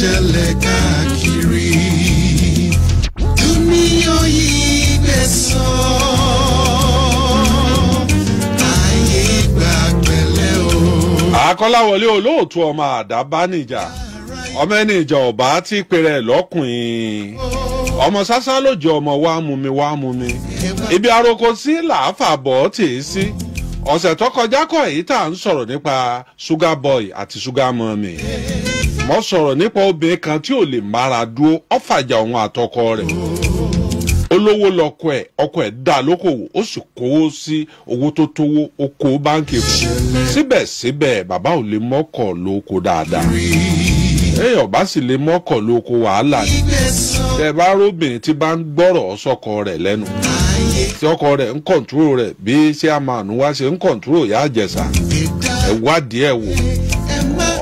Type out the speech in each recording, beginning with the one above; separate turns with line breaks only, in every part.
ṣẹlẹ̀ káàkiri. Dúníyàn yìí sọ.
o. olóòtú ọmọ àdábá Ọmọ ẹni ìjà ti pèrè lọ́kùnrin. Ọmọ sásá ló jẹ ọmọ wá mú Ibi aroko sí làáfà tì í sí. Ọ̀sẹ̀ tó kọjá kọ̀ èyí tá à ń Boy àti Sugar àmọ́ sọ̀rọ̀ nípa obìnrin kan tí ò lè mara dúró ó fàjà òun àtọkọ rẹ̀ olówó lọkọ ẹ ọkọ ẹ̀ dá lókòwò ó sì kówó sí owó tó tówó ó kó báńkì fún síbẹ̀síbẹ̀ bàbá ò lè mọ́kọ̀ dáadáa èèyàn bá sì lè mọ́kọ̀ wàhálà ni tẹ bá róbìnrin tí bá ń gbọ́rọ̀ ọkọ rẹ̀ ń kọ̀ǹtúrò rẹ̀ bí ṣé àmàánú wá ṣe ń kọ̀ǹtúrò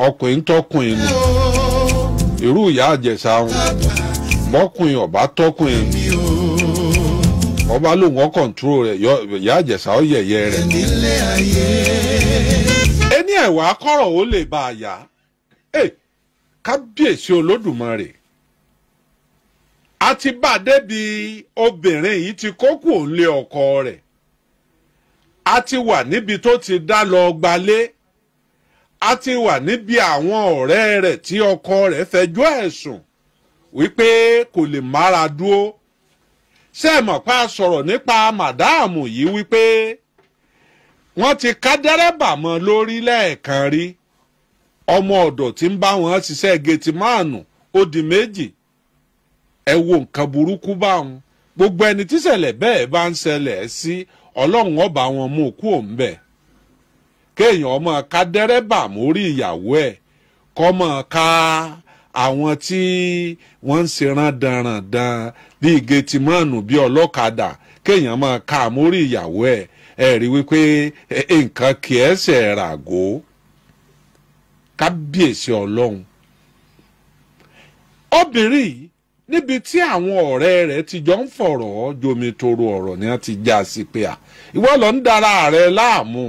ọkùnrin tọkùnrin ni irú ìyá àjẹsà wọn bọ́kùnrin ọ̀bá tọkùnrin ọba lòun ọkọ̀ǹtúrò rẹ̀ ìyá àjẹsà ó yẹ̀yẹ́ rẹ̀. ẹni ẹ̀wà akọ́rọ̀ ó lè bá a yá kábíyèsí olódùmarè a ti bá a débi obìnrin yìí ti kókù òǹlé ọkọ rẹ a ti wà níbi tó ti dá lọ gbalé. a ti wà níbi àwọn ọ̀rẹ́ rẹ̀ tí ọkọ rẹ̀ fẹjọ́ ẹ̀sùn wípé kò lè mára dúró ṣé ẹ mọ̀ pé a sọ̀rọ̀ nípa màdáàmù yìí wípé wọ́n ti ká dẹ́rẹ́bà mọ́ lórí lẹ́ẹ̀kan rí ọmọ ọ̀dọ̀ tí ń bá wọn ṣiṣẹ́ gẹ̀tìmáànù ó di méjì ẹ wo nǹkan burúkú báwọn gbogbo ẹni tíṣẹ̀lẹ̀ bẹ́ẹ̀ bá ń ṣẹlẹ̀ sí ọlọ́run ọba wọn mú kú òun bẹ́ẹ̀ kéèyàn ọmọ ká dẹ́rẹ́bà mórí ìyàwó ẹ̀ kọ́mọ ká àwọn tí wọ́n ń ṣeran danrandan bíi gẹ̀tìmọ́ọ̀nù bíi ọlọ́kadà kéèyàn máa ká mórí ìyàwó ẹ̀ ẹ̀ rí wípé nǹkan kì í ṣe ràgó kábíyèsí ọlọ́run obìnrin níbi tí àwọn ọ̀rẹ́ rẹ̀ ti jọ ń fọ̀rọ̀ jomitoro ọ̀rọ̀ ni wọ́n ti já sí pé à ìwọ ló ń dara rẹ̀ láàmú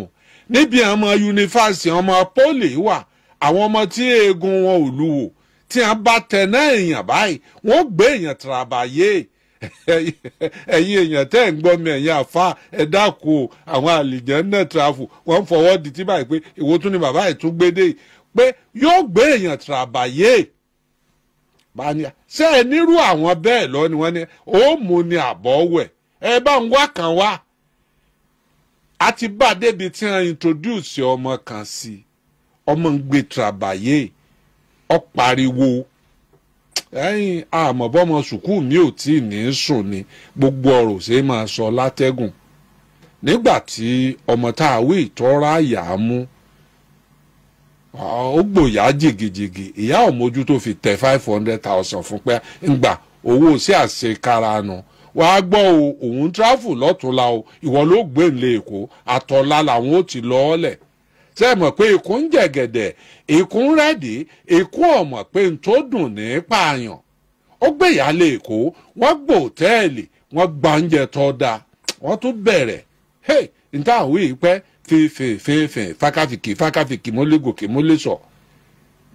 níbi ọmọ yunifásitì ọmọ pólì wà àwọn ọmọ tí eegun wọn ò lúwo tí a bá tẹ náà èèyàn báyìí wọ́n gbé èèyàn tìrabàyè ẹ̀yin èèyàn tẹ́ ń gbọ́ mi ẹ̀yin àfa ẹ dákun o àwọn àlìjẹ́ náà tìrafù wọ́n ń di tí báyìí pé èwo tún ni bàbá ẹ̀ tún gbé dé yìí pé yóò gbé èèyàn tìrabàyè báyà ṣé ẹ nírú àwọn bẹ́ẹ̀ lọ ni wọ́n ní ó mú ni àbọ̀ wẹ̀ ẹ bá ń wá kan wá. a ti bá débi tí wọ́n introduce ọmọ kan sí ọmọ ń gbé tìrabàyè ọ pariwo ẹyin àmọ̀bọ́mọ sùkúù mi ò tí ì ní sùn ni gbogbo ọ̀rọ̀ ṣe máa sọ látẹ́gùn nígbà tí ọmọ tá a wé ìtọ́ra àyà mú ó gbòyà jìgìjìgì ìyá ọ̀mójú tó fi tẹ five hundred thousand fún pé ń gbà owó sí àṣekára nu. No wàá gbọ́ o òun tráfù lọ́túnla o ìwọ ló gbé ńlẹ̀ èkó àtọ̀la làwọn ó ti lọ ọ́lẹ̀ ṣe é mọ̀ pé ikú ń jẹ̀gẹ̀dẹ̀ ikú ń rẹ́dí ikú ọ̀mọ̀ pé n tó dùn ní pààyàn ó gbéyàlé èkó wọ́n gbọ́ òtẹ́ẹ̀lì wọ́n gba oúnjẹ tó da wọ́n tún bẹ̀rẹ̀ hey n táwọn fákàfìkì fákàfìkì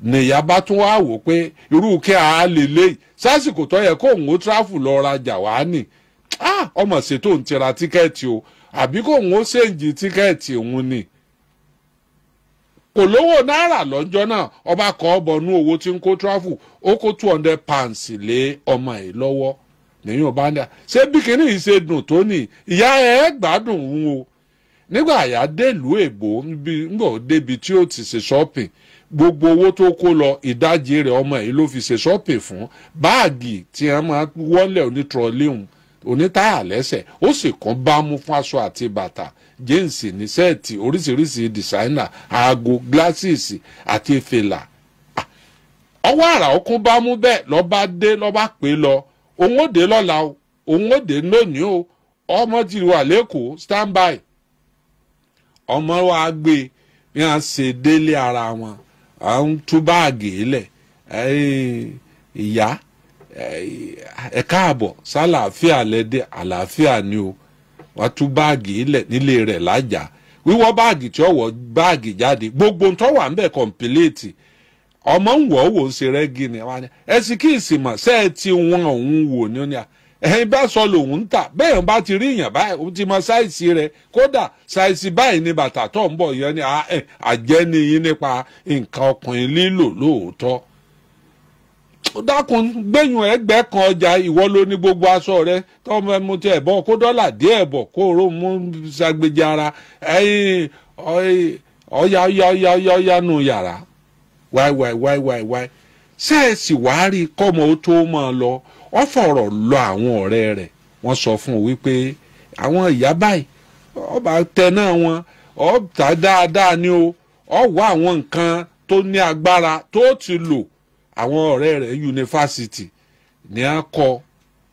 nìyá bá tún wá wò pé irú kí a lè léyìí sásìkò tó yẹ kó òun ó lọ rajà wá nì ah, ọmọ ṣètò ń tira tíkẹ́ẹ̀tì o àbí kó òun ó ṣèǹjì tíkẹ́ẹ̀tì òun ni kò lówó náírà lọ́jọ́ náà ọba kọ́ bọnú owó tí ń kó tráfù ó kó two hundred pounds lé ọmọ ẹ̀ lọ́wọ́ nìyẹn ọba ń dà ṣé bí yìí ṣe dùn tó ìyá ẹ̀ gbádùn òun o nígbà àyà èbó gbogbo owó tó kó lọ ìdajì rẹ̀ ọmọ yìí ló fi ṣe sọ́pè fún báàgì tí wọ́n máa wọlé onítọ̀ọ́léhùn onítáyà lẹ́sẹ̀ ó sì kàn bámú fún aṣọ àti bàtà jíǹsì ní sẹ́ẹ̀tì oríṣiríṣi dìsáínà aago gíláṣìsì àti fìlà ọwọ́ àrà ọkùn bámú bẹ́ẹ̀ lọ́ba dé lọ́ba pé lọ òun ó dé lọ́la o òun ó dé lónìí o ọmọ ti wà lẹ́kọ̀ọ́ stand by ọmọ wa gbé bí wọ́n ṣe délé ara wọn à ń tú báàgì lẹ̀ ìyá ẹ káàbọ̀ sálàáfíà lẹ́dẹ̀ àlàáfíà ni o wàá tú báàgì lẹ̀ nílé laja lájà wíwọ́ báàgì tí ó wọ̀ báàgì jáde gbogbo ń tọ́wà ń bẹ̀ kọ̀mpìlẹ́ẹ̀tì ọmọ ń wọ̀ ọ́ wò ṣe rẹ́gì ni ẹ sì kí sẹ́ẹ̀ tí wọ́n wò ní ẹ̀yin bá sọ lòun ń tà bẹ́ẹ̀ bá ti rí èèyàn báyìí ó ti mọ ṣáìsì rẹ kódà ṣáìsì báyìí ni bàtà tó ń bọ̀ yẹn ni àjẹ́ ni yín nípa nǹkan ọkùnrin lílò lóòótọ́ dákun gbẹ̀yìn ẹgbẹ́ kan ọjà ìwọ ló ní gbogbo aṣọ rẹ tọ́mọ ẹmu ti ẹ̀bọ̀ kó dọ́là díẹ̀ bọ̀ kó ró mú ṣàgbéjì ara wọ́n fọ̀rọ̀ lọ àwọn ọ̀rẹ́ rẹ̀ wọ́n sọ fún un wípé àwọn ìyá báyìí ọba tẹ náà wọn ọta dáadáa ni o ọ wá àwọn nǹkan tó ní agbára tó ti lò àwọn ọ̀rẹ́ rẹ̀ yunifásitì ní a kọ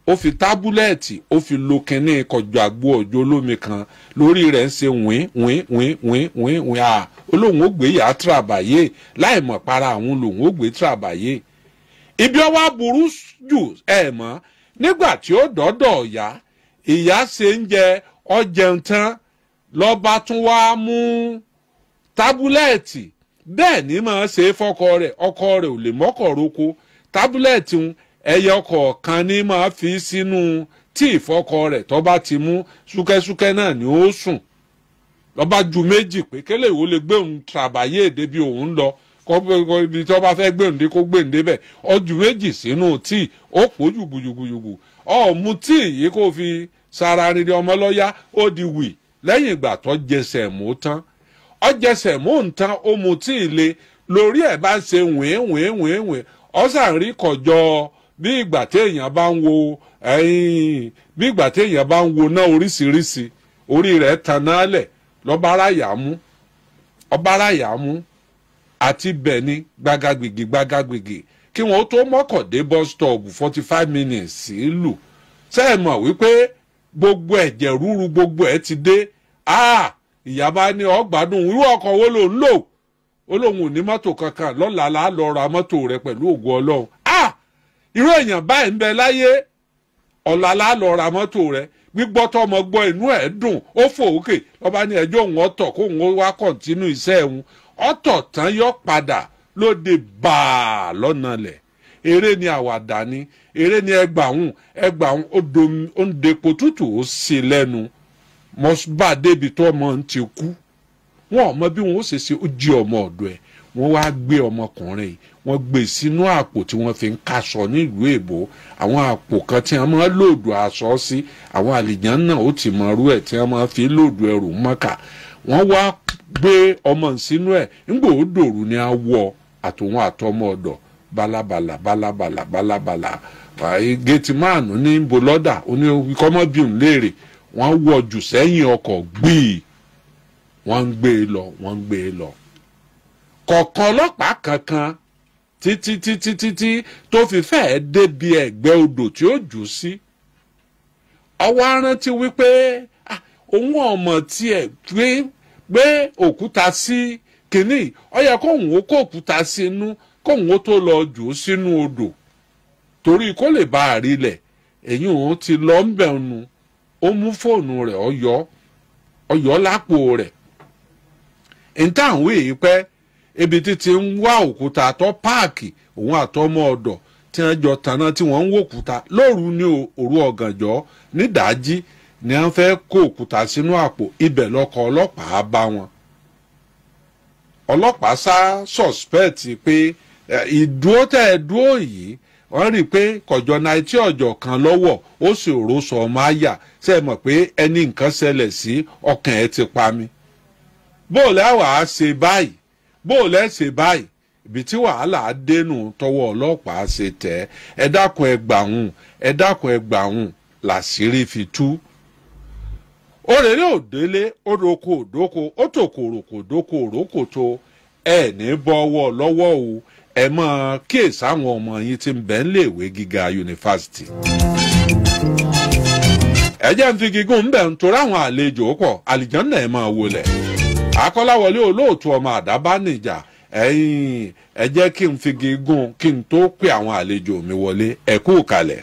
ó fi tábúlẹ̀tì ó fi lo kínní kọjọ àgbo ọjọ́ olómi kan lórí rẹ̀ ń ṣe wín wín wín wín wín wín à olóhùn ó gbé yàrá tìràbàyè láì mọ̀ para àwọn olóhùn ó gbé tìràbàyè ibi ọwọ́ aburú jù ẹ̀ mọ́ nígbà tí ó dọ́dọ̀ ìyá ìyá ṣe ń jẹ ọjẹun tán lọ́ba tún wá mú tábúlẹ́ẹ̀tì bẹ́ẹ̀ ni máa ṣe fọ́kọ rẹ̀ ọkọ rẹ̀ ò lè mọ́kọ̀ roko tábúlẹ́ẹ̀tì ń ẹyọ kọ̀ọ̀kan ni máa fi sínú tí ìfọ́kọ rẹ̀ tó ti mú súkẹ́súkẹ́ náà ni ó sùn lọ́ba ju méjì pé kélé lè gbé òun tàbáyé èdè bí òun lọ ibi tí wọ́n bá fẹ́ gbèǹde kó gbèǹde bẹ̀ ọjù méjì sínú tíì ó pò jùbùjùbùjùbù tíì yìí kò fi sara rere ọmọ lọ́yà ó di wì lẹ́yìn ìgbà tó jẹsẹ̀ mú tán ọjẹsẹ̀ mú tán ó mu tíì le lórí ẹ̀ bá ṣe wìn wìn wìn wìn ọ̀sán rí kọjọ bí ìgbà téèyàn bá ń wo náà oríṣiríṣi orí rẹ̀ tanálẹ̀ àti bẹ̀ni gbagagbigi gbagagbègì kí wọ́n tó mọ́kàndé bus stop forty five minutes lù sẹ́ẹ̀ wípé gbogbo ẹ̀jẹ̀ rúru gbogbo ẹ̀ ti dé ìyá bá ní ọgbàdùn irú ọkọ̀ wo ló ń lò kankan lọ́la la lọ ra mọ́tò rẹ pẹ̀lú ògùn ọlọ́run irú èèyàn báyìí ń láyé ọ̀la la lọ ra mọ́tò rẹ gbígbọ́ tọmọ gbọ́ inú ẹ̀ dùn ó fò òkè lọ́ba ní ẹjọ́ òun ọ̀tọ̀ kó òun wá kọ̀ǹtínú iṣẹ́ òun ọ̀tọ̀ tán yọ padà lóde bàá lọ́nà lẹ̀ eré ni àwàdà ni eré ni ẹgbàhùn ẹgbàhùn ó ń depo tútù ó ṣe lẹ́nu mọ́sùbà débi tó ọmọ ń ti kú wọn ọmọ bí wọn ó ṣe ṣe ó jí ọmọ ọ̀dọ̀ ẹ̀ wọ́n wá gbé ọmọkùnrin wọ́n gbé sínú àpò tí wọ́n fi ń kaṣọ nílùú èbó àwọn àpò kan tí wọ́n máa lòdù aṣọ sí àwọn àlìjàn náà ó ti mọ irú ẹ̀ tí wọ́n máa fi lòdù ẹrù mọ́kà wọ́n wá gbé ọmọ sínú ẹ ńgbò ó dòrú ni a wọ àtòwọn àtọmọ ọ̀dọ̀ balabala balabala balabala géètì máàánú ní bolọ́dà oníkọ́mọ́bíùn léèrè wọ́n wọ jù sẹ́yìn ọkọ̀ gbìí wọ́n gbé e lọ wọ́n gbé e lọ. kọ̀ọ̀kan ọlọ́pàá kankan títí títí títí tó fi fẹ́ẹ́ débi ẹ̀gbẹ́ odò tí ó jù sí ọwọ́ arántí wípé òun ọmọ tiẹ̀ gbé gbé òkúta sí kínní ó yẹ kóun ó kó òkúta sínú kóun ó tó lọ jù ú sínú odò torí kó lè bá a rí lẹ̀ èyí òun ti lọ ń bẹ̀ nu ó mú fóònù rẹ̀ ọyọ́ ọyọ́ lápò rẹ̀ níta àwọn èyí ebi títí ń wá òkúta àtọ́ páàkì òun àtọmọ ọ̀dọ̀ tí wọ́n jọ tanná tí wọ́n ń wó òkúta lóru ní òru ọ̀gànjọ́ nídàájí ni wọ́n fẹ́ kó òkúta sínú àpò ibẹ̀ lọ́kọ̀ ọlọ́pàá bá wọn. ọlọ́pàá sá suspect pé ìdúró tẹ̀ ẹ́ dúró yìí wọ́n rí i pé kọ̀jọ́ náìtí ọ̀jọ̀ kan lọ́wọ́ ó sì rò sọ ọmọ àyà ṣe mọ̀ pé ẹni nǹkan ṣẹlẹ̀ sí ọkàn ẹ̀ ti pa mi. bóòlù àwa á ṣe báyìí bóòlù o lẹ́sẹ̀ báyìí ibi tí wàhálà dénú tọwọ ọlọpàá ṣe tẹ ẹ dákun ẹ gbàhùn ẹ dákun ẹ gbàhùn làṣírí fi tú. òrèrè òdélé òdòkò òdòkò ó tòkòrò kò dókò òrókòtò ẹ ní bọ́wọ́ lọ́wọ́ o ẹ máa kíyèsí àwọn ọmọ yín tí ń bẹ ń ìwé gíga yunifásitì. ẹ jẹ́ ń fi gígùn ń bẹ̀ ń torí àwọn àlejò pọ̀ àlìjọ́nà ẹ máa wọlé. mùsà kọ́láwọlé olóòtú ọmọ àdábánijà ẹ̀yìn ẹ jẹ́ kí n figi gún kí n tó pè àwọn àlejò mi wọlé ẹ kalẹ̀.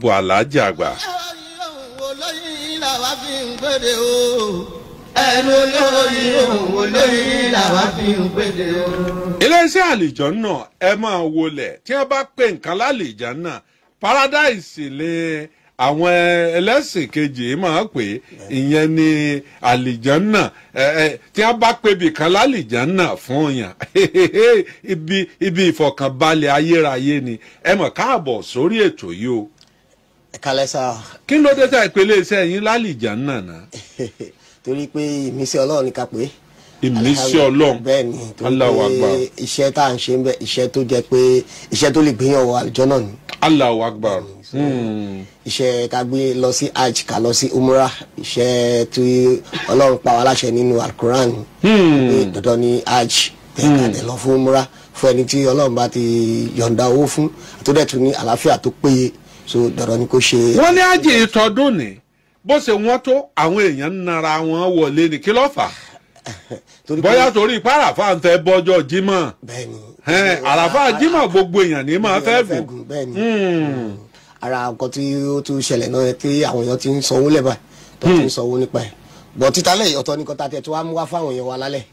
bụ aláàjì àgbà. iléeṣẹ́ àlìjọ́nà ẹ máa wọlé tí ẹ bá pè nǹkan lálìjọ́nà paradise lè àwọn ẹlẹ́sìn kejì máa pè ìyẹn ni àlìjánà tí wọ́n bá pè bìkan lálìjánà fún yàn ibi ìfọ̀kànbalẹ̀ ayérayé ni ẹ mọ̀ káàbọ̀ sórí ètò yìí o ẹ kalẹ sá. kí ló dé tá ìpele iṣẹ́ yín lálìjà náà ná.
torí pé ìmísí Ọlọ́run ni ká pé.
ìmísí Ọlọ́run bẹ́ẹ̀ ni torí pé
iṣẹ́ tá à ń ṣe ń bẹ iṣẹ́ tó jẹ́ pé iṣẹ́ tó lè gbéyàn wọ àlùjọ náà ni.
Allahu hmm. Akbar.
iṣẹ́ ká gbé lọ sí hajj ká lọ sí umrah iṣẹ́ tí Ọlọ́run pa wá láṣẹ nínú alukuran hmm. dandan ni hajj bẹ́ẹ̀ ká tẹ hmm. lọ fún umrah fún ẹni tí Ọlọ́run bá ti yọ̀ǹda owó fún àtúndẹ̀tún ní àlàáfíà tó péye so ni kò ṣe. wọ́n
ní àjè ìtọ́dún ni bó se wọ́n tó àwọn èèyàn nara wọn wọlé ni kí bọ́yá torí pàràfà ń fẹ́ bọ́jọ́ jímọ̀ àràfà jímọ̀ gbogbo èèyàn ní máa fẹ́ gùn. Hmm.
ara nǹkan tí o náà àwọn èèyàn ti ń sanwó lẹ́bàá tó ti ń hmm. sanwó nípa ẹ̀ ọ̀tọ̀ tó wá fáwọn èèyàn wa lálẹ́.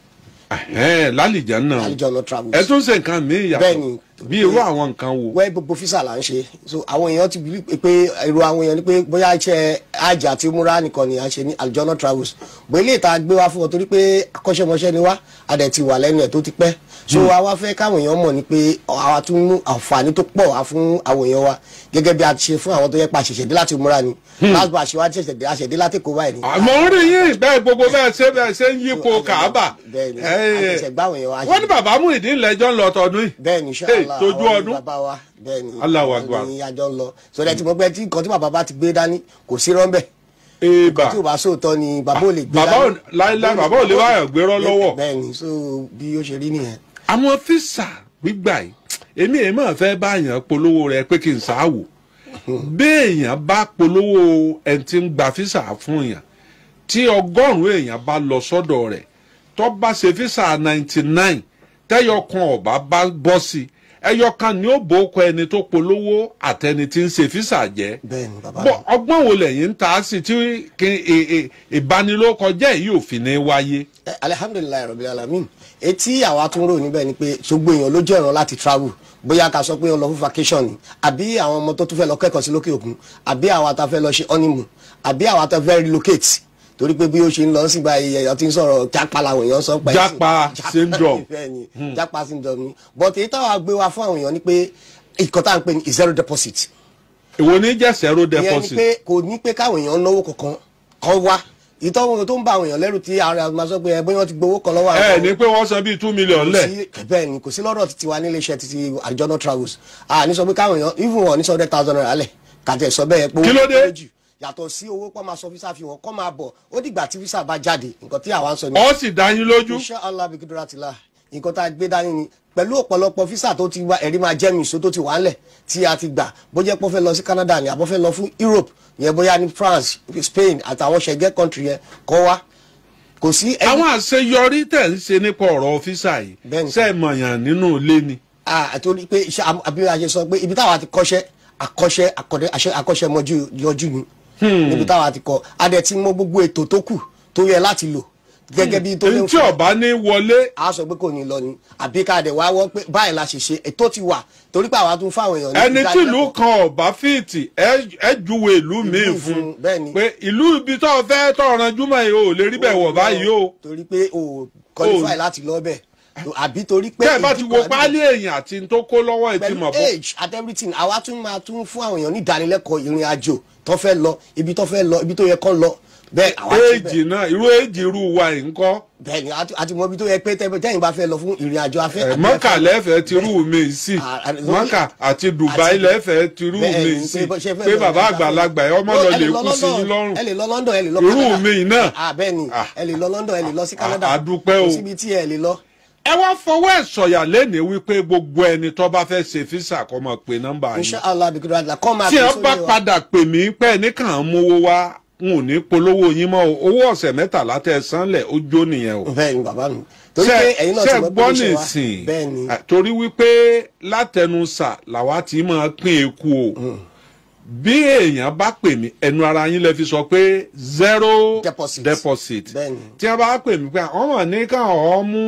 lálìjá náà lálìjá náà travels. ẹ tún ṣe nǹkan mi
ìyàtọ̀ bí irú àwọn nǹkan wo. wẹ́ẹ́ gbogbo fisa là ń ṣe so àwọn èèyàn ti bí pé èrò àwọn èèyàn ni pé bóyá iṣẹ́ ajá tí múra nìkan ni à ń ṣe ní àlìjọ́nà travels bóyá ilé ìta gbé wá fún ọ torí pé akọ́ṣẹ́mọṣẹ́ ni wá adẹ̀ ti wà lẹ́nu ẹ̀ tó ti pẹ́ so hmm. àwa fẹ́ káwọn èèyàn mọ̀ ni pé àwa tún mú àǹfààní tó pọ̀ wá fún àwọn èèyàn wa gẹ́gẹ́ bí a ṣe fún àwọn tó yẹ pa àṣẹ̀ṣẹ̀dé láti múra ni láti hmm. bá àṣewá ṣẹ̀ṣẹ̀dé àṣẹ̀dé láti kó báyìí ni. àmọ́
ń rí yín bẹ́ẹ̀ gbogbo bẹ́ẹ̀ ṣe bẹ́ẹ̀ ṣe ń yípo kàábà. bẹ́ẹ̀ni àṣẹgbà àwọn èèyàn wa. wọ́n ní bàbá Muyideen lẹ́jọ́ ń lọ tọdún yìí. bẹ́ẹ̀ni ṣọlá àwọn
bàbá wa bẹ́ẹ̀ni àwọn ìyàjọ ti gbé dání eba tí o bá sóòótọ́ ni bàbá ò lè gbé láyé bàbá ò lè wáyà gbérọ́ lọ́wọ́. bẹ́ẹ̀ni so bí ó ṣe rí nìyẹn
àwọn físà gbígbà yìí èmi èmi máa fẹ́ báyàn polówó rẹ pé kí n sáàwò béèyàn bá polówó ẹni tí ń gba físà fún yàn tí ọgọ́rùn-ún èèyàn bá lọ sọ́dọ̀ rẹ̀ tó bá ṣe físà ninety nine tẹ́yọ̀ kan ọ̀bá bá bọ́ sí i ẹyọ kan ni ó bò ó kọ ẹni tó polówó àtẹni tí ń ṣe físà jẹ bọ ọgbọ́n wo lẹ́yìn ta sí tí ìbanilókọjẹ́ yìí ò fi ní wáyé.
alihamdulilayi rabil alamin etí àwa tún rò níbẹ̀ ni pé ṣogbo èèyàn ló jẹ́ ẹ̀rọ láti travel bóyá ká sọ pé ó lọ fún vacation ni àbí àwọn ọmọ tó tún fẹ́ lọ kẹ́kọ̀ọ́ sí lókè òkun àbí àwa ta fẹ́ lọ ṣe honeymoon àbí àwa ta fẹ́ relocate torí pé bí ó ṣe ń lọ sí báyìí ẹ̀yọ́ ń sọ̀rọ̀ jápa làwọn èèyàn sọ pé. jápa syndrome hmm. jápa syndrome ni but èyí táwọn àgbé wa fún àwọn èèyàn ni pé ìkan tá pè ní zero deposit. ìwọ ní jẹ́ zero deposit. ìyẹn ni pé kò ní pé káwọn èèyàn náwó kankan kan wá ìtọ́wò tó ń ba àwọn èèyàn lẹ́rù tí ara ma sọ pé ẹgbẹ́ ti gbowó kan lọ́wọ́ ẹ ní pé
wọ́n san bíi two million lẹ̀.
bẹ́ẹ̀ ni kò sí lọ́dọ̀ títí wa nílé iṣẹ́ títí àjọ náà travels à ní sọ pé káwọn èèyàn even wọn ní sọ thousand naira lẹ̀ kàtẹ́ sọ bẹ́ẹ̀ pé wọ́n ti gbowó jù. kí ló dé yàtọ̀ sí owó kọ́ máa sọ fisa fi wọn kọ́ máa bọ̀ ó dìgbà tí fisa bá jáde nǹkan tí àwa ń sọ ni. ó sì dá lójú. insha allah bi kudura tila nǹkan tá a gbé dání ni pẹ̀lú ọ̀pọ̀lọpọ̀ fisa tó ti wá ẹ̀rí máa jẹ́ mìíṣó tó ti wà ńlẹ̀ tí a ti gbà bó pọ́ fẹ́ lọ sí Canada ni àbọ̀ fẹ́ lọ fún Europe yẹn bóyá ní France Spain àtàwọn ṣẹ̀gẹ́ country yẹn kọ́ wá
kò sí. àwọn àṣeyọrí tẹ̀ ń ṣe nípa ọ̀rọ̀ ọ́fíìsà yìí sẹ́ẹ̀mọ̀yàn nínú ilé ni. àtòrí pé iṣẹ́ àbí a ṣe sọ pé ibi táwa ti kọ́ṣẹ́ àkọ́ṣẹ́
àkọ́ṣẹ́ yọjú ni Hmm. níbi táwa ti kọ adẹ tí mọ gbogbo ètò tó kù tó yẹ láti lò gẹ́gẹ́ bí tó lè ń fún ẹ tí ọba ní wọlé. a sọ pé kò ní lọ ni àbí ká dẹ̀ wá wọ́ pé báyìí la ṣe ṣe ètò ti wà torí pé àwa tún fáwọn èèyàn. ẹni tí ìlú
kan ọba fíìtì ẹ juwe ìlú míì fún pé ìlú ibi tó fẹ́ tọ̀ranjú mọ́ ẹ o lè rí bẹ̀ wọ̀ báyìí o.
torí pé o kọlifáì láti lọ bẹ́ẹ̀
àbí torí pé. bẹ́ẹ̀ bá
ti wo páálí
èèyàn àti
tó kó lọ́wọ́ ẹ̀ mọ̀ bó. pẹ̀lú age at everything àwa tún máa tún fún àwọn èèyàn ní ìdánilẹ́kọ̀ọ́ ìrìn àjò tó fẹ́ lọ ibi tó fẹ́ lọ ibi tó yẹ kó lọ bẹ́ẹ̀ àwa ti bẹ́ẹ̀. èjì náà irú èjì irú wa yìí ń kọ́. bẹ́ẹ̀ni àti mọ ibi tó yẹ pé tẹyin bá fẹ́ lọ fún ìrìn àjò afẹ́. mọ́kà
lẹ́fẹ̀ẹ́ ti rú mi sí mọ́kà àti Dubai lẹ́fẹ̀ẹ́ ti rú mi sí pé bàbá àgbàlagbà ẹ ọmọ lọ lè kú sí
lọ́rùn irú mi náà. Ah, bẹ́ẹ̀ni
ah, ẹ lè lọ London ẹ lè lọ sí ah, Canada kò síbi tí ẹ lè lọ ẹ wá fọwọ́ ẹ̀ sọ̀yà lẹ́nìí wípé gbogbo ẹni tó bá fẹ́ ṣe físà pe nọ́mbà yín.
inshallah bìkìrì àdìlà kọ́ máa pè sórí wa. tí ẹ bá
padà pè mí pẹ́ nìkan mówó wá n ò ní polówó yín mọ́ owó ọ̀sẹ̀ mẹ́tàlá tẹ sanlẹ̀ ó nìyẹn o. bẹ́ẹ̀ gbọ́ nìsín torí wípé látẹnusà làwa ti máa pín eku o. Mm bí èèyàn bá pè mí ẹnu ara yín lè fi sọ pé zero deposit, deposit. tí wọ́n bá pè mí pé àwọn mọ̀ ní káwọn mú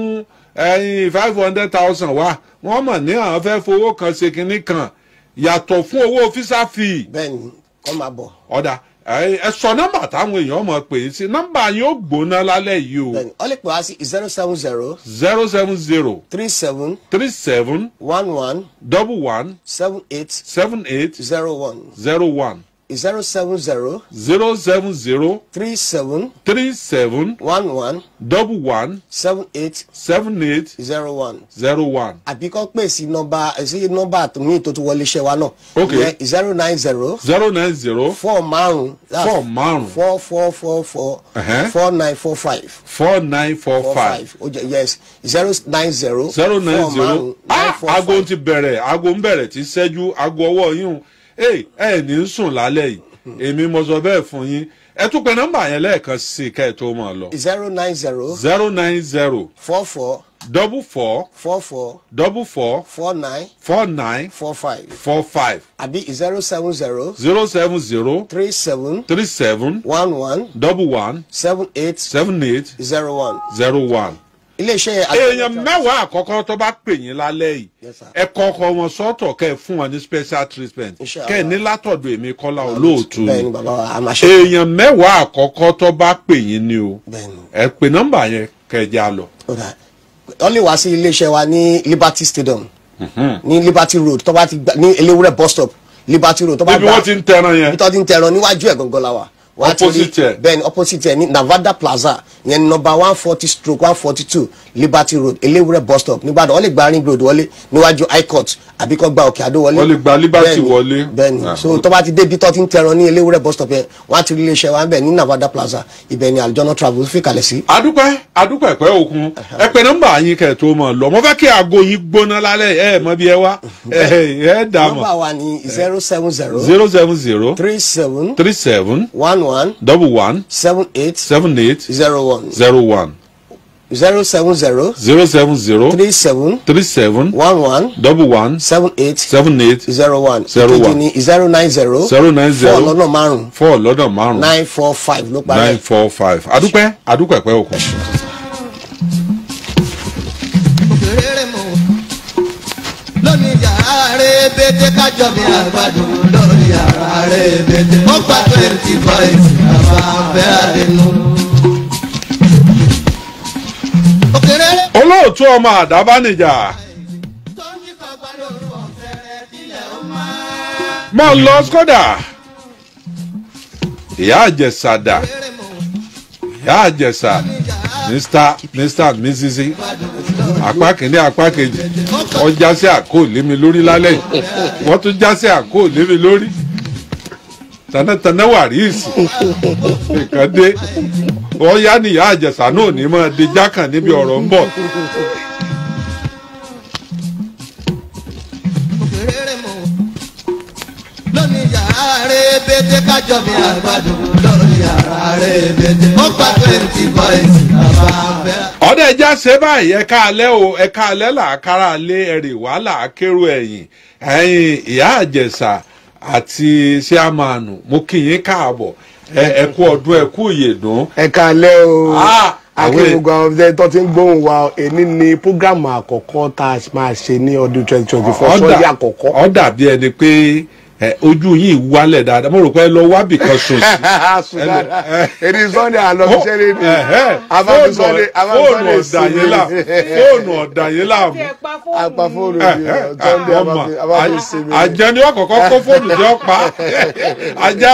ẹyin five hundred thousand wá wọ́n mọ̀ ní àwọn fẹ́ fowó kan ṣe kinní kan yàtọ̀ fún owó físà fee. bẹ́ẹ̀ni kọ́ máa bọ̀. ọ̀dà ẹ sọ nọmba táwọn èèyàn mọ̀ pé sí nọmba yín ó gbóná lálẹ́ yìí o. bẹẹni ọlẹ pé wá sí zero seven zero. zero seven zero. three seven. three seven. one one. double one. seven eight. seven eight. zero one. zero one zero seven zero. zero seven zero. three seven. three seven. one one. double one. seven eight. seven eight. zero one. zero one.
àbí kọ́ pè sí nọ́mbà sí nọ́mbà mi tó tún wọlé iṣẹ́ wa náà. ok yẹ zero nine zero.
zero nine zero. four márùn. four márùn.
four four four four. four nine
four five. four nine four five. o yes zero nine zero. zero nine zero. ah aago ti bẹ̀rẹ̀ aago ń bẹ̀rẹ̀ ti ṣẹ́jú aago ọwọ́ yín o ẹ ẹ ní sùn lálẹ́ yìí èmi mo sọ bẹ́ẹ̀ fún yín ẹ tún pe nọ́mbà yẹn lẹ́ẹ̀kan sí i ká ẹ tó mọ̀ lọ. zero nine zero. zero nine zero. four four. double four. four four. double four. four nine. four nine. four five. four five. àbí zero seven zero. zero seven zero. three seven. three seven. one one. double one. seven eight. seven eight. zero one. zero one iléeṣẹ́. èèyàn mẹ́wàá àkọ́kọ́ tó bá pè yín lálẹ́ yìí ẹ kọ́kọ́ wọn sọ́tọ̀ kẹ́ ẹ fún wọn ní special treatment kẹ́ ẹ ní látọ̀dọ̀ èmi kọ́lá olóòtú èèyàn mẹ́wàá àkọ́kọ́ tó bá pè yín ni o ẹ pè nọ́mbà yẹn kẹ́ ẹ já lọ. wọ́n lè wá sí iléeṣẹ́ wa ní
Liberty Stadium mhm. ní Liberty Road tó bá ti gbà ní Eléwúrẹ́ bus stop Liberty Road tó bá gbà ibi wọ́n ti ń tẹran yẹn ibi tó ti ń tẹran níwájú ẹ̀ gangan wàá ti bẹ́ẹ̀ ni opposite ẹ̀ ní Nevada Plaza yẹn number one forty stroke one forty two liberty road eléwúrẹ́ bus stop nìbàdàn wọ́n lè gba ring road wọlé níwájú high court àbí kó gba òkè àdó wọlé wọ́n lè gba liberty wọlé bẹ́ẹ̀ni ah, so tó bá ti débi tó ti ń tẹran ní eléwúrẹ́ bus stop yẹn wọ́n á ti rí iléeṣẹ́ wa bẹ́ẹ̀ ní Nawada plaza ibẹ̀ ni àlùjọ́nà travel
fi kalẹ̀ sí. adúpẹ́ adúpẹ́ ẹ̀pẹ́ òkun ẹ̀pẹ́ nọ́mbà yín kẹ̀ tó mọ̀ lọ mo fẹ́ kí aago yín gbóná lálẹ́ ẹ̀ mọ bí ẹ wá ẹ̀ dà mọ̀. nọ́mbà wa ni zero seven zero zero seven zero three seven three seven one one double one seven eight seven eight zero one zero one zero seven zero. zero seven zero. three seven. three seven. one one. double one. seven eight. seven eight. zero one. zero one. ìkejì
ni zero nine zero. zero nine zero. four
lọ́nà márùn. four lọ́nà márùn. nine
four five ló parí. nine
four five adúpẹ́ adúpẹ́ pẹ́ òkun.
lónìí yàrá rẹ̀ bẹ́tẹ̀ kájọ mi àgbàdo lórí àdínú.
olóòtú ọmọ àdábánijà. máa lọ skoda ìyá àjẹsà dà ìyá àjẹsà mr mr and mrs apá kìíní apá kejì wọ́n já sí àkó lé mi lórí lálẹ́ yìí tún já sí àkó lé lórí tanátana wà rí ìsìn nǹkan dé ọ̀ya nìyá àjẹsà náà ní máa de jákàn níbi ọ̀rọ̀ ń bọ̀.
rẹ̀bẹ̀tẹ̀ kájọ mi àgbàdo lórí ara rẹ̀bẹ̀tẹ̀ ó gba twenty boys bàbá
fẹ́. ẹja ṣe báyìí ẹ̀ka alẹ́ o ẹ̀ka
alẹ́ làákàrà
lé ẹ̀rì wàhálà akérò ẹ̀yìn ẹ̀yìn ìyá àjẹsà àti
ṣíàmánu mo kì í
káàbọ̀ ẹ kú ọdún ẹ kú ìyèdún.
ẹ o akérògbà ah! ọ̀sẹ̀ tó ti ń gbóhùn wa èní ni program àkọ́kọ́ tá a máa ṣe ní ọdún twenty twenty four sọ́ọ́dí
àkọ́kọ́. ó dàbí ẹni pé ojú yìí wálẹ̀ dáadáa mo rò pé ẹ lọ wá bìkan sùn
sí. èdè sunday ha ha, ni abájú sunday Ha fóònù ha, láàmú. apá fóònù yìí ha, abájú
àjẹni ọkọ̀ọ̀kan kó fóònù ha ha, ajá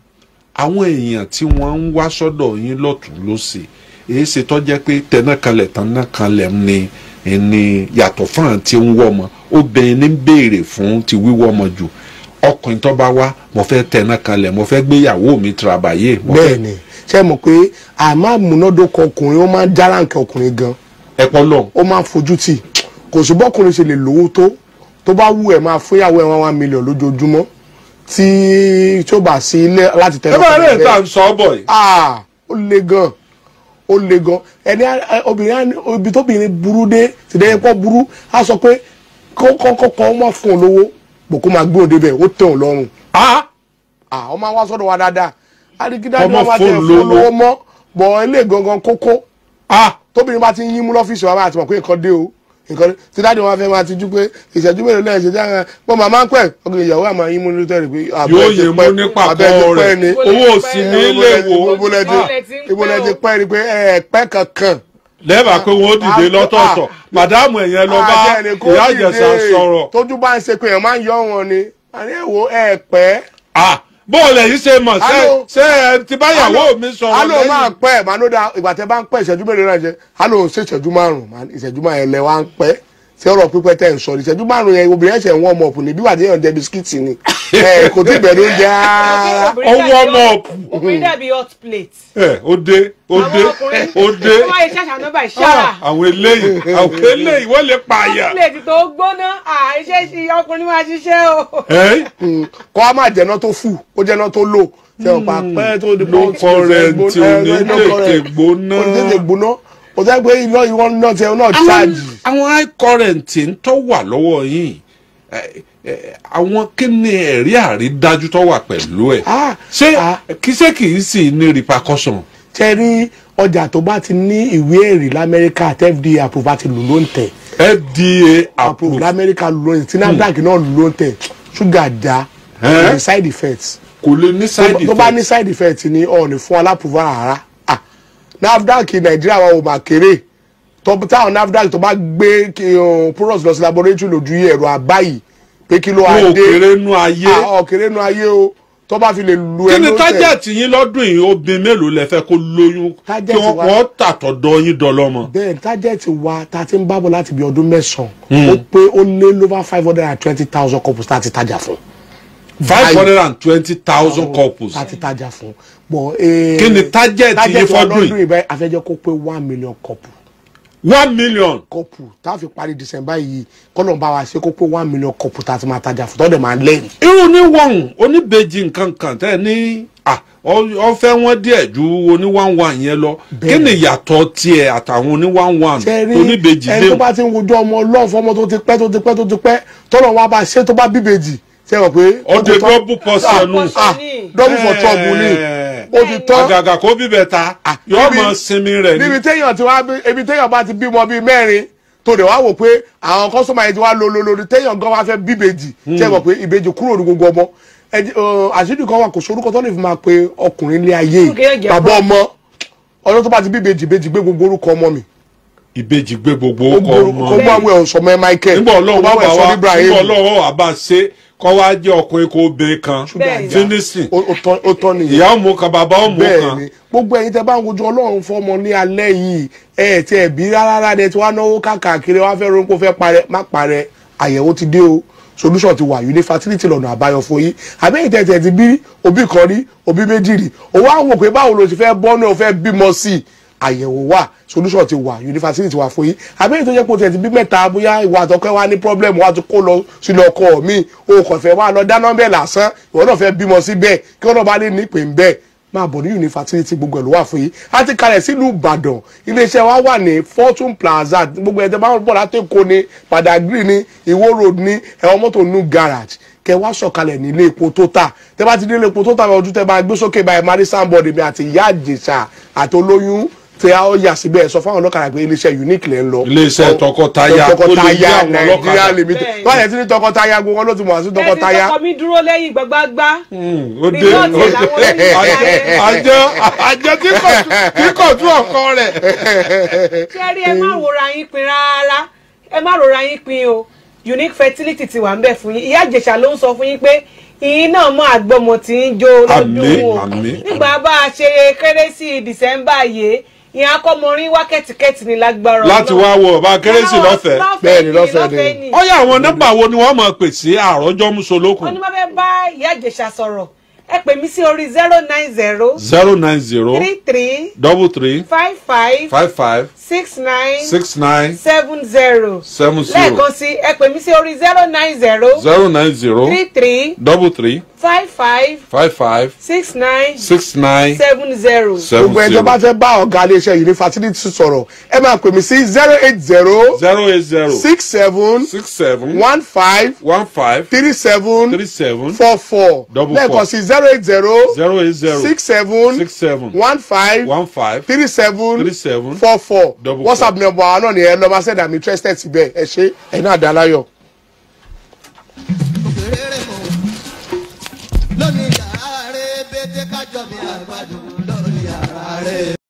àwọn èèyàn tí wọ́n ń wá sọ́dọ̀ yín lọ́tún lọ́sẹ̀ èyí ṣe tó jẹ́ pé tẹnákanlẹ̀ tẹnákanlẹ̀ ni ni yàtọ̀ fún àwọn tí ń wọ́ ọmọ obìnrin ní béèrè fún ti wíwọ́ ọmọ jù ọkùnrin tó bá wá mo fẹ́ tẹnákanlẹ̀ mo fẹ́ gbéyàwó mi tìrabàyè. bẹ́ẹ̀ni
ṣe mọ̀ pé àmọ́ àmúnádókọ ọkùnrin ó máa ń dára nǹkan ọkùnrin gan. ẹ lọ. ó máa ń fojú tì kò sí bọ́kùnrin ṣe lè lówó tó tó bá wù ẹ̀ máa fúnyàwó ẹ̀ wá one million tí tí ó bá sí ilé láti tẹ̀lé ọkọ rẹ. ẹ bá rẹ̀ ta ń sọ bọ̀ yìí. ó le gan ó le gan ẹni obìnrin ibi tóbìnrin burú dé tìdẹ́ ẹ̀kọ́ burú á sọ pé kọ́kọ́kọ́ ọmọ fún un lówó bòkó máa gbé òde bẹ̀ ó tẹ̀ ọ́ lọ́rùn. ọ máa wá sọ́dọ̀ wa dáadáa adigidájú wọn máa tẹ̀ fún un mọ́ bọ̀ ẹ lè gangan kókó tóbìnrin bá ti yín mú lọ́fíìsì wa máa ti pé nǹkan dé o nǹkan tí dáàdi wọn fẹ́ máa tijú pé ìṣẹ́jú mélòó lẹ́yìn ìṣẹ́jú àwọn pọ́ màmá ń pẹ́ ọkùnrin ìyàwó àmọ́ yín mú ní tẹ́lẹ̀ pé àbẹ̀ ti pẹ́ àbẹ̀ ti pẹ́ ni owó òsì ní ilé ìwò ìbúlẹ̀ ti pẹ́ ni pé ẹ̀ẹ́pẹ́ kankan lẹ́bàá pé wọ́n dìde lọ́tọ̀ọ̀tọ̀ màdáàmù ẹ̀yẹn lọ bá ìyá ìjẹsà sọ̀rọ̀ tójú bá ń ṣe pé èèyàn máa ń yọ wọn ni àní ẹ̀wò ẹ̀ẹ́pẹ́ bóòlù ẹ̀yìn ṣe mọ̀ ṣe ṣe ẹ ti báyàwó mi sọ̀rọ̀ lẹ́yìn. alo máa pẹ́ manoda ìgbà tẹ bá ń pẹ́ ìṣẹ́jú mélòó náà jẹ́ alo ṣe ìṣẹ́jú márùn-ún ìṣẹ́jú márùn-ún ẹ̀ ń pẹ́ tí ọ̀rọ̀ pípẹ́ tẹ̀ ń sọ ní ìṣẹ́jú márùn-ún yẹn obìnrin ẹ̀ṣẹ̀ ń wọ́n ọmọ ọ̀pù ní bí wàdí èèyàn jẹ bisikíìtì ni kò tí bẹ̀rẹ̀ oúnjẹ ara ó wọ́n ọmọ ọ̀pù. obìnrin dàbí hot plate. ẹ ó dé ó dé ó dé ah, àwọn
eléyìí àwọn eléyìí wọ́n lè pààyà. hot
plate tó gbóná àìṣe sí ọkùnrin máa ṣiṣẹ́ o. Hmm, kọ́ a máa jẹ́ná tó fù ó jẹ́ná tó lò tẹ̀ ọ̀pá hmm, pẹ́ tó dé bọ́ọ̀tì ló kọ́ rẹ̀ ti ní tètè gbóná kò sẹ́ pé iná ìwọ náà tẹ náà ṣáàjì. àwọn high current ń tọ́ wà lọ́wọ́ yìí
àwọn kíni ẹ̀rí àrídájú tó wà pẹ̀lú ẹ̀ ah, ṣé ah. kì í kì í
sì ní repercussion. ṣe rí ọjà tó bá ti ní ìwé ẹ̀rí lamẹ́ríkà àti fda approve àti lò ló ń tẹ̀. fda approve lamẹ́ríkà lò ní tinadac náà lò ń tẹ̀ ṣúgà já side effects. kò lè ní side effects. tó bá ní side effects ni ọ̀ ní fún alápùfà rárá. NAFDAC nàìjíríà wa ò mà kéré táwọn NAFDAC tó bá gbé products lọ sí laboratory lójú ẹ̀rọ àbáyìí pé kí ló wá dé òkèrè nu ayé òkèrè nu ayé o tó bá fi lè lu ẹ lóṣẹ. kí ni tájẹ̀tì
yín lọ́dún yìí obìnrin mélòó lẹ fẹ́ kó lóyún kí wọ́n tàtọ̀dọ̀ yín dọlọ́mọ.
bẹ́ẹ̀ tájẹ̀tì wa ta ti ń bábọ̀ láti bí ọdún mẹ́sàn-án hmm. ó pé ó lé lóba five hundred and twenty thousand couples tá a tajà fún. five hundred and
twenty thousand couples. tá
a tajà fún pọ̀. Eh, kí ni target yìí fọdún yìí. target afẹ́jẹ́ kó pé one million couple. one million. couple tá a fi parí december yìí kọ́lọ̀ ń bá wa ṣe kó pé one million couple tá a ti máa tajà fún tọ́dẹ̀ máa lẹ́yìn.
irú ní wọ̀n oníbejì nǹkan kan tẹ́ ní ọfẹ́ wọn díẹ̀ ju oní one one yẹn lọ kí ni ìyàtọ̀ tiẹ̀ àtàwọn oní one one oníbejì lé. ẹni tó
bá ti ń wojú ọmọ ọlọ́run fọmọ tó ti pẹ́ tó ti pẹ́ tó ti pẹ́ tọ́lọ̀ wa bá ṣe tó bá bíbejì ṣe wọ̀ dọ́bù pọ̀ sí ẹnu dọ́bù for eh, trouble ni ó ti tán. àgàgà kó bíbẹ̀ ta ah, yóò mọ sinmi rẹ̀ ni. níbi téèyàn ti wá ibi téèyàn bá ti bímọ bíi mẹ́rin tó dẹ̀ wá wò pé àwọn kọ́sọ́mà yẹn ti wá lo lolórí téèyàn gan wá fẹ́ bíbejì hmm. tẹ́ mọ̀ pé ìbejì kúrò ní gbogbo ọmọ àṣírí kan wà kò sórúkọ tó lè fi máa pe ọkùnrin ilé ayé bàbá ọmọ ọjọ́ tó bá ti bíbejì bejì gbé gbogbo orúkọ ọmọ mi ìbejì gbé gbogbo ọkọ ọmọ rẹ kọ́ wá jẹ́ ọkùnrin kó obìnrin kan tínísìn ó tọ́ nìyẹn ìyá òmù kan bàbá òmù kan. bẹ́ẹ̀ni gbogbo ẹ̀yin tẹ́ bá ń wojú Ọlọ́run fọmọ ní alẹ́ yìí ẹ ti ẹbí rárá ni ẹ ti wá náwó káàkiri wá fẹ́ ronú kó fẹ́ parẹ́ má parẹ́ àyẹ̀wò ti dé o solution ti wà yìí ní fertility àbáyọ fún yín àbẹ́yìn tẹ̀tẹ̀ ti bí òbí kan rí òbí méjì rí òwò àwọn òpè báwo ló ti fẹ́ bọ́nú ò fẹ́ bímọ sí i àyẹ̀wò wà solution ti wà yunifásitì ti wà fún yín àbẹ́yìn tó jẹ́ pé o tẹ̀sí bí mẹ́ta bóyá ìwà àtọ́kọ́ wa ní problem wa ti kó lọ sílẹ̀ ọkọ mi o kàn fẹ́ wá lọ dáná bẹ́ẹ̀ lásán ìwọ náà fẹ́ bímọ sí bẹ́ẹ̀ kí wọ́n náà bá lè ní ìpè ń bẹ́ẹ̀ máa bọ̀ ní yunifásitì gbogbo ẹ̀ ló wà fún yín a ti kalẹ̀ sílùú ìbàdàn iléeṣẹ́ wa wà ní fortune plaza gbogbo ẹ̀ tẹ́ bá ń bọ̀ látẹ̀kọ ni padàgírì ni ìwó road ni ẹ̀wọ̀n mọ́tò nù garage kẹ wá sọ̀kalẹ̀ ní ilé epo Total tẹ bá ti dé ilé epo Total ọdún tẹ bá gbé sókè báyìí marie sambod mi àti ìyá àjèṣà àti olóyún tí a ó yà síbẹ̀ sọ fáwọn ọlọ́kadà pé iléeṣẹ́ unique lẹ́ ń lọ. iléeṣẹ́ tọkọtaya tọkọtaya nàìjíríà limited wọ́n yẹ ti ní tọkọtaya gbogbo wọn ló ti mọ̀ sí tọkọtaya. bẹ́ẹ̀ ni tọkọ mi dúró lẹ́yìn gbàgbàgbà. Hmm, ó dé ó dé àjọ àjọ tí kò tú ọkọ rẹ̀. sẹ́rí ẹ má rora yín pin rárá ẹ má rora yín pin o unique fertility ti wà ń bẹ fún yín ìyá ìjẹ̀ṣà ló ń sọ fún yín pé ìyín náà mọ àgbọmọ tí ń jó lójú wọn nígbà bá a ṣe kérésì dìsẹ́mbà yìí ìyẹn akọmọrin wá kẹ́tìkẹ́tì ní lágbára. láti wá wo ọba kérésì lọ́fẹ̀ẹ́ bẹ́ẹ̀ ni lọ́fẹ̀ẹ́ ni. ó yà àwọn
nọ́mbà wo ni wọ́n mọ̀ pèsè àròjọ́ mùsùlùkù. wọ́n ní wọ́n
fẹ́ bá ìyá ìjẹ̀ṣà sọ̀rọ̀ ẹ pè mí sí orí zero nine zero. zero
nine zero. three three. double three.
five five. five five. six nine.
six nine.
seven zero.
seven zero. lẹ́ẹ̀kan
sí ẹ pè mí sí orí zero nine zero. zero
nine zero. three three. double three.
five five.
five five.
six nine.
six nine.
seven zero. seven zero. gbogbo ẹjọ́ bá fẹ́ bá ọ̀gá iléeṣẹ́ yìí ní facility sọ̀rọ̀ ẹ máa pè mí sí zero eight zero. zero eight zero. six seven. six seven. one five. one five. three seven. three seven. four four. double four lẹ́ẹ̀kan sí zero zero eight zero. zero eight zero. six seven. six seven. one five. one five. three seven. three seven. four four. double four whatsapp number àwọn náà nìyẹn lọ́mọ sẹ́dá mi trusted síbẹ̀ ẹ ṣe ẹ̀ náà dá láyọ̀.
lónìí yàrá rẹ̀ bẹ́tẹ̀ kájọ mi àgbàdo lórí yàrá rẹ̀.